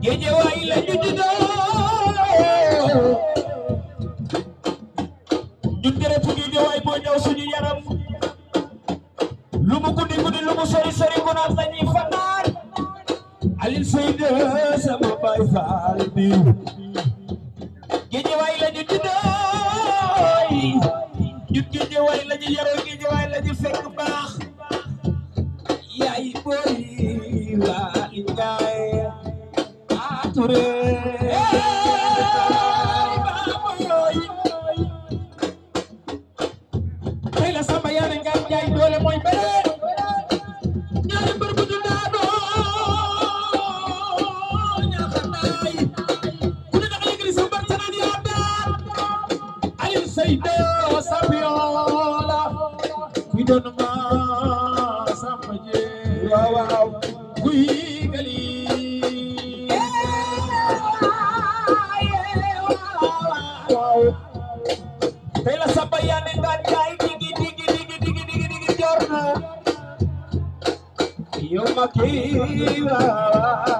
Géejawaay la ñu juddoo ñun deretu Géejawaay moo ñëw suñu yaram lu mu guddi guddi lu mu sori sori ko naan dañuy fanaan Alioune Seye sama baay faal bi don't know. Tela sabayan ng gantay, digi digi digi digi digi digi jorna. Yung makilawa.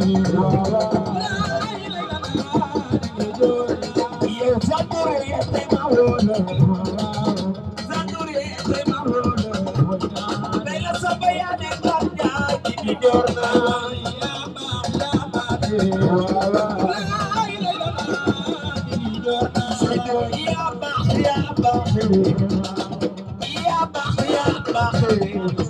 Yeah, back, yeah, back.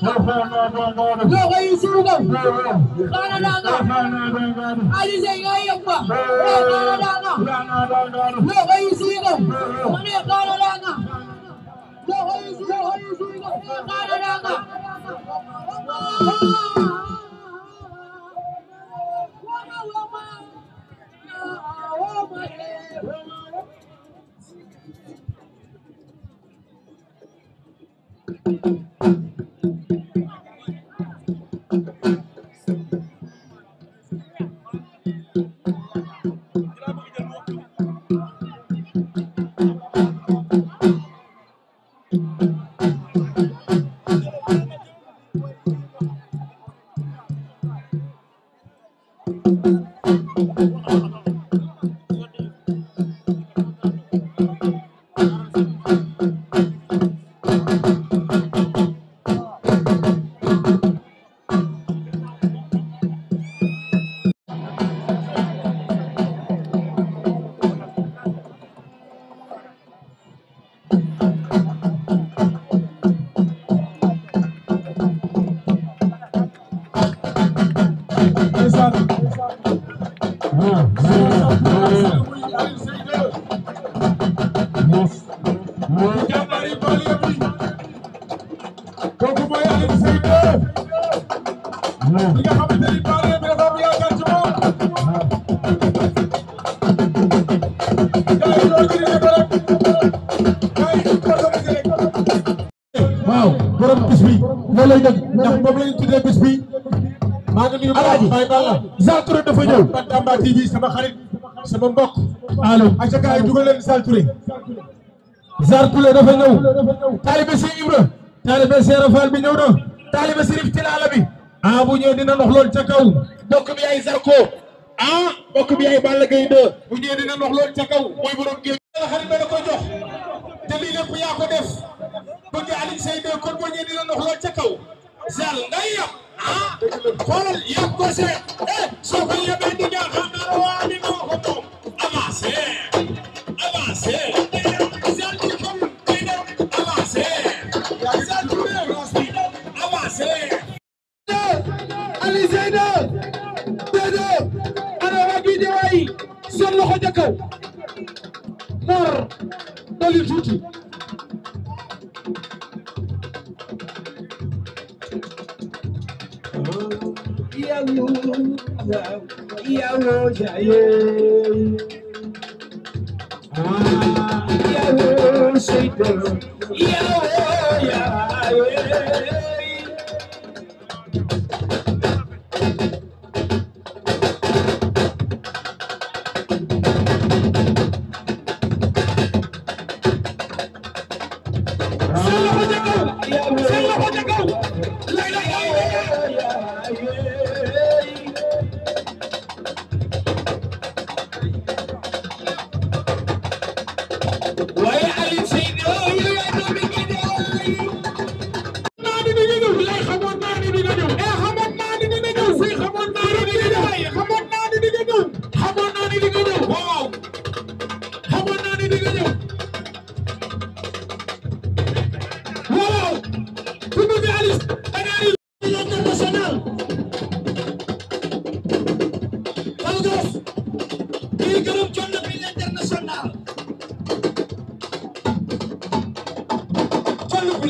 No, kayo surugan. Kanadanga. Alisay ngayon pa. Kanadanga. No, kayo surugan. Mani, kanadanga. No, kayo surugan. Kanadanga. Oh, my God. Thank you. waaw borom bis bi loolu lay dëgg ndax moom la ñu tuddee bis bi maa ngi nuyu alaaji Baye Balla Zal Touré dafa ñëw Bantamba TV sama xarit sama mbokk allo acaka ay dugal leen Zal Touré Zal Touré dafa ñëw taalibe si Ibra taalibe Seera Fall bi ñëw na taalibe Sirif Tilala bi ah bu ñëwee dina nox lool ca kaw. mbokk bi ay Zarko. ah mbokk bi ay Balla Gaye 2. bu ñëwee dina nox lool ca kaw. mooy borom géej. la xarit ba da ko jox. te lii lépp ko def. bëgg Alioune Seye 2 kon bu ñëwee dina nox lool ca kaw. zal ngay yab. ah xoolal yab see. eh soo ko yabee di ñaax Dodo ana waa Guédiawaye seen loxo ca kaw Mor dali tuuti ìyàwó ìyàwó jàyè ìyàwó ṣègbè ìyàwó.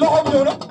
ne oluyorum?